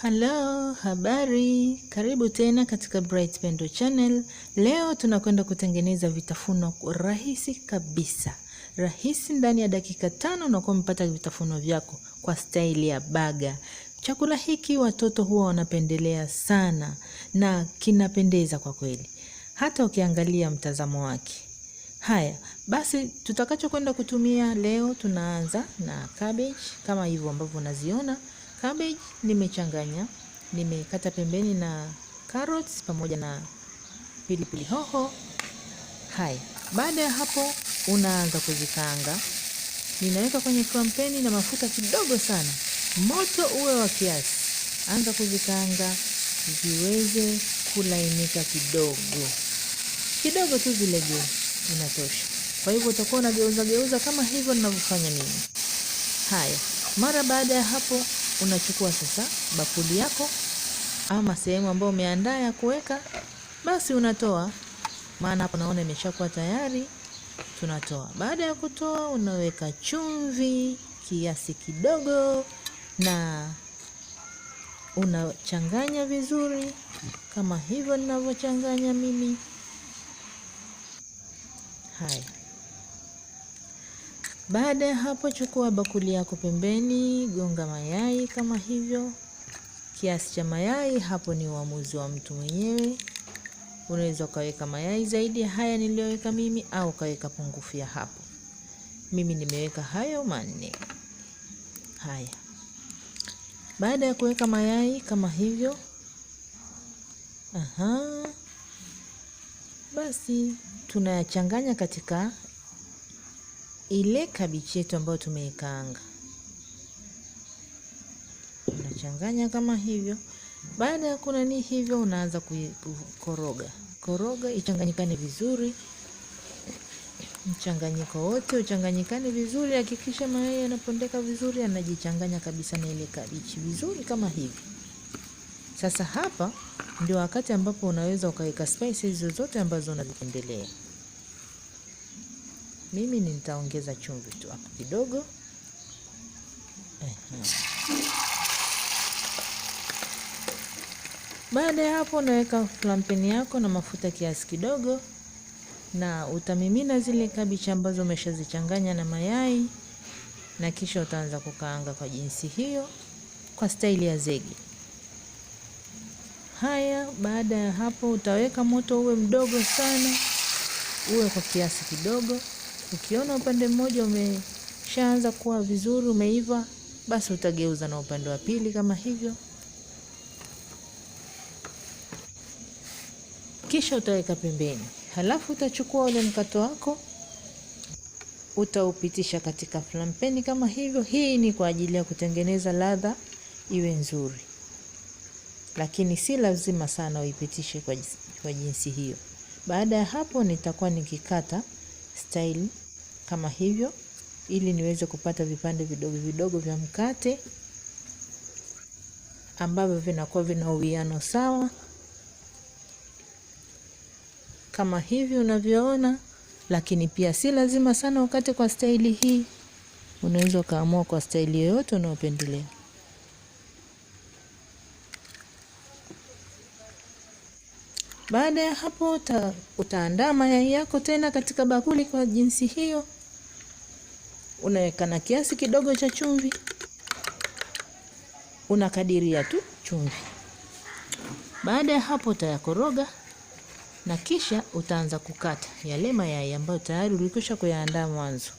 Hello, habari, karibu tena katika Bright Pendo Channel. Leo tunakwenda kutengeneza vitafuno rahisi kabisa, rahisi. Ndani ya dakika tano unakuwa umepata vitafuno vyako kwa staili ya baga. Chakula hiki watoto huwa wanapendelea sana na kinapendeza kwa kweli, hata ukiangalia mtazamo wake. Haya basi, tutakachokwenda kutumia leo, tunaanza na cabbage kama hivyo ambavyo unaziona Cabbage nimechanganya, nimekata pembeni na carrots pamoja na pilipili hoho. Haya, baada ya hapo unaanza kuzikaanga. Ninaweka kwenye kampeni na mafuta kidogo sana, moto uwe wa kiasi. Anza kuzikaanga ziweze kulainika kidogo kidogo tu, zilegee, inatosha. Kwa hivyo utakuwa unageuza geuza kama hivyo ninavyofanya mimi. Haya, mara baada ya hapo Unachukua sasa bakuli yako ama sehemu ambayo umeandaa ya kuweka, basi unatoa, maana hapo naona imeshakuwa tayari. Tunatoa. Baada ya kutoa, unaweka chumvi kiasi kidogo na unachanganya vizuri kama hivyo ninavyochanganya mimi. Haya. Baada ya hapo, chukua bakuli yako pembeni, gonga mayai kama hivyo. Kiasi cha mayai hapo ni uamuzi wa mtu mwenyewe. Unaweza ukaweka mayai zaidi ya haya niliyoweka mimi, au ukaweka pungufu ya hapo. Mimi nimeweka hayo manne. Haya, baada ya kuweka mayai kama hivyo, aha, basi tunayachanganya katika ile kabichi yetu ambayo tumeikaanga, unachanganya kama hivyo. Baada ya ni hivyo, unaanza kukoroga koroga, ichanganyikane vizuri, mchanganyiko wote uchanganyikane vizuri. Hakikisha mayai yanapondeka vizuri, yanajichanganya kabisa na ile kabichi vizuri kama hivi. Sasa hapa ndio wakati ambapo unaweza ukaweka spices zozote ambazo unazipendelea. Mimi nitaongeza chumvi tu hapo kidogo. Baada ya hapo, unaweka flampeni yako na mafuta kiasi kidogo, na utamimina zile kabichi ambazo umeshazichanganya na mayai, na kisha utaanza kukaanga kwa jinsi hiyo, kwa staili ya zege. Haya, baada ya hapo, utaweka moto uwe mdogo sana, uwe kwa kiasi kidogo Ukiona upande mmoja umeshaanza kuwa vizuri, umeiva, basi utageuza na upande wa pili kama hivyo, kisha utaweka pembeni. Halafu utachukua ule mkato wako utaupitisha katika flampeni kama hivyo. Hii ni kwa ajili ya kutengeneza ladha iwe nzuri, lakini si lazima sana uipitishe kwa jinsi hiyo. Baada ya hapo, nitakuwa nikikata style kama hivyo, ili niweze kupata vipande vidogo vidogo vya mkate ambavyo vinakuwa vina uwiano sawa kama hivi unavyoona, lakini pia si lazima sana ukate kwa staili hii. Unaweza ukaamua kwa staili yoyote unayopendelea. Baada ya hapo uta, utaandaa mayai yako tena katika bakuli kwa jinsi hiyo. Unaweka na kiasi kidogo cha chumvi, unakadiria tu chumvi. Baada ya hapo utayakoroga na kisha utaanza kukata yale mayai ambayo tayari ulikwisha kuyaandaa mwanzo.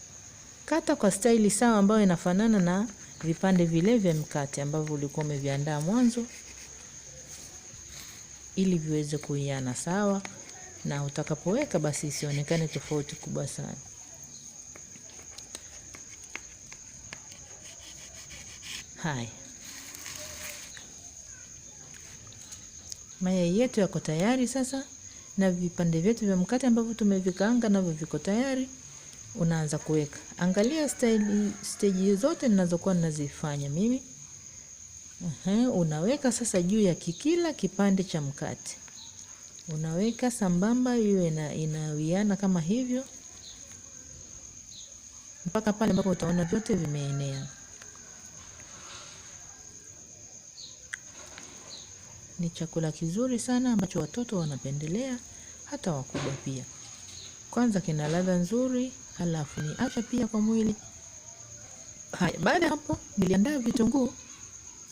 Kata kwa staili sawa ambayo inafanana na vipande vile vya mkate ambavyo ulikuwa umeviandaa mwanzo ili viweze kuiana sawa, na utakapoweka basi isionekane tofauti kubwa sana. Haya, mayai yetu yako tayari sasa, na vipande vyetu vya mkate ambavyo tumevikaanga navyo viko tayari. Unaanza kuweka, angalia steji zote ninazokuwa ninazifanya mimi. Uhum, unaweka sasa juu ya kikila kipande cha mkate unaweka sambamba, hiyo ina, inawiana kama hivyo mpaka pale ambapo utaona vyote vimeenea. Ni chakula kizuri sana ambacho watoto wanapendelea hata wakubwa pia. Kwanza kina ladha nzuri, halafu ni afya pia kwa mwili. Haya, baada ya hapo niliandaa vitunguu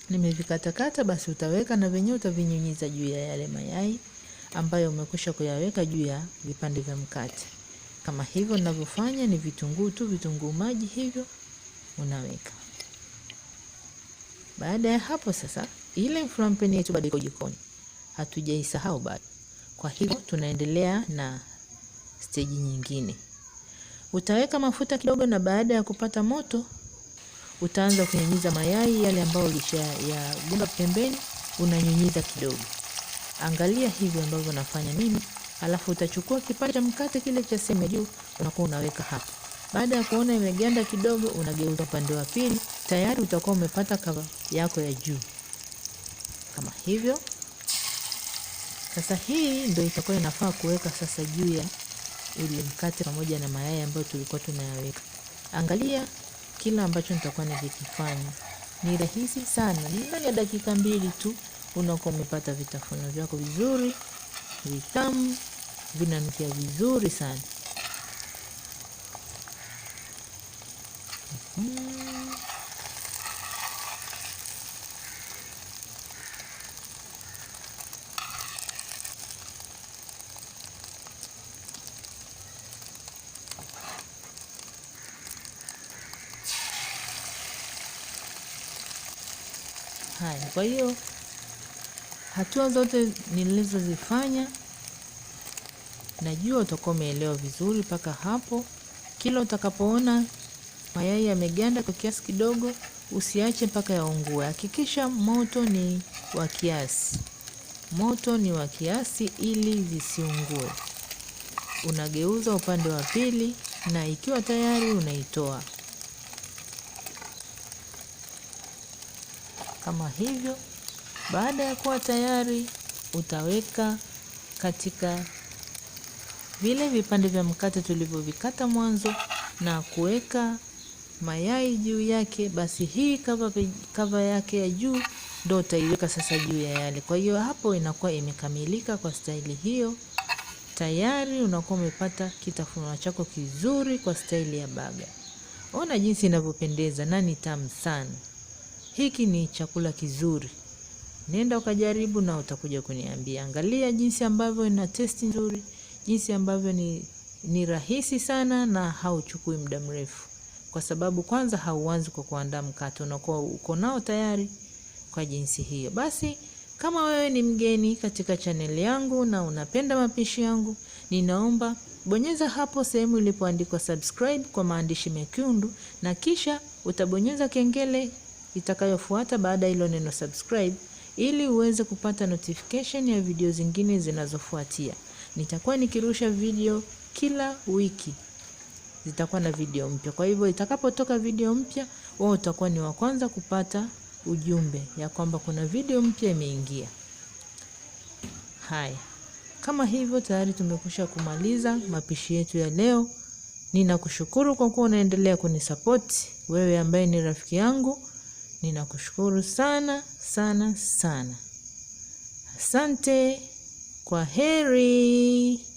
nimevikatakata, basi utaweka na venyewe utavinyunyiza juu ya yale mayai ambayo umekwisha kuyaweka juu ya vipande vya mkate. Kama hivyo ninavyofanya, ni vitunguu tu, vitunguu maji hivyo unaweka. Baada ya hapo sasa, ile frampeni yetu bado iko jikoni, hatujaisahau bado. Kwa hivyo tunaendelea na steji nyingine. Utaweka mafuta kidogo, na baada ya kupata moto utaanza kunyunyiza mayai yale ambayo ulishayagunda pembeni, unanyunyiza kidogo. Angalia hivi ambavyo nafanya mimi, alafu utachukua kipande cha mkate kile cha seme juu, unakuwa unaweka hapa. Baada ya kuona imeganda kidogo, unageuza upande wa pili, tayari utakuwa umepata kava yako ya juu kama hivyo. Sasa hii ndio itakuwa inafaa kuweka sasa juu ya ile mkate pamoja na mayai ambayo tulikuwa tunayaweka. Angalia kila ambacho nitakuwa nikikifanya. Ni rahisi sana, ndani ya dakika mbili tu unakuwa umepata vitafuno vyako vizuri, vitamu, vinanukia vizuri sana. Mm. haya. Kwa hiyo hatua zote nilizozifanya, najua utakuwa umeelewa vizuri mpaka hapo. Kila utakapoona mayai yameganda kwa kiasi kidogo, usiache mpaka yaungue. Hakikisha moto ni wa kiasi, moto ni wa kiasi ili zisiungue. Unageuza upande wa pili, na ikiwa tayari unaitoa. kama hivyo. Baada ya kuwa tayari, utaweka katika vile vipande vya mkate tulivyovikata mwanzo na kuweka mayai juu yake. Basi hii kava, kava yake ya juu ndio utaiweka sasa juu ya yale. Kwa hiyo hapo inakuwa imekamilika kwa staili hiyo. Tayari unakuwa umepata kitafunwa chako kizuri kwa staili ya baga. Ona jinsi inavyopendeza na ni tamu sana hiki ni chakula kizuri, nenda ukajaribu na utakuja kuniambia. Angalia jinsi ambavyo ina testi nzuri, jinsi ambavyo ni, ni rahisi sana na hauchukui muda mrefu, kwa sababu kwanza hauanzi kwa kuandaa mkate, unakuwa uko nao tayari kwa jinsi hiyo. Basi kama wewe ni mgeni katika chaneli yangu na unapenda mapishi yangu, ninaomba bonyeza hapo sehemu ilipoandikwa subscribe kwa maandishi mekundu, na kisha utabonyeza kengele itakayofuata baada ya hilo neno subscribe, ili uweze kupata notification ya video zingine zinazofuatia. Nitakuwa nikirusha video kila wiki, zitakuwa na video mpya. Kwa hivyo itakapotoka video mpya, wewe utakuwa ni wa kwanza kupata ujumbe ya kwamba kuna video mpya imeingia. Haya, kama hivyo tayari tumekusha kumaliza mapishi yetu ya leo. Ninakushukuru kwa kuwa unaendelea kunisapoti wewe ambaye ni rafiki yangu. Ninakushukuru sana sana sana. Asante. Kwa heri.